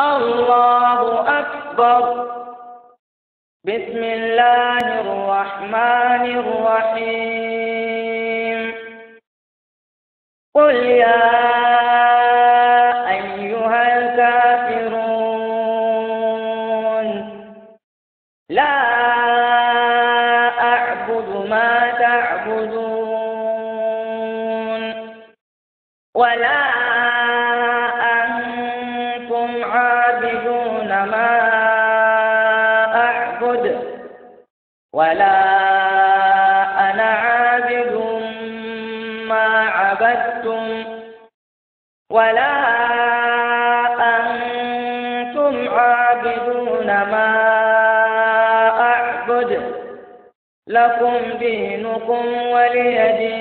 الله أكبر بسم الله الرحمن الرحيم قل يا أيها الكافرون لا أعبد ما تعبدون ولا وَهُمْ عابدون ما أعبد ولا أنا عابد ما عبدتم ولا أنتم عابدون ما أعبد لكم دينكم ولي دين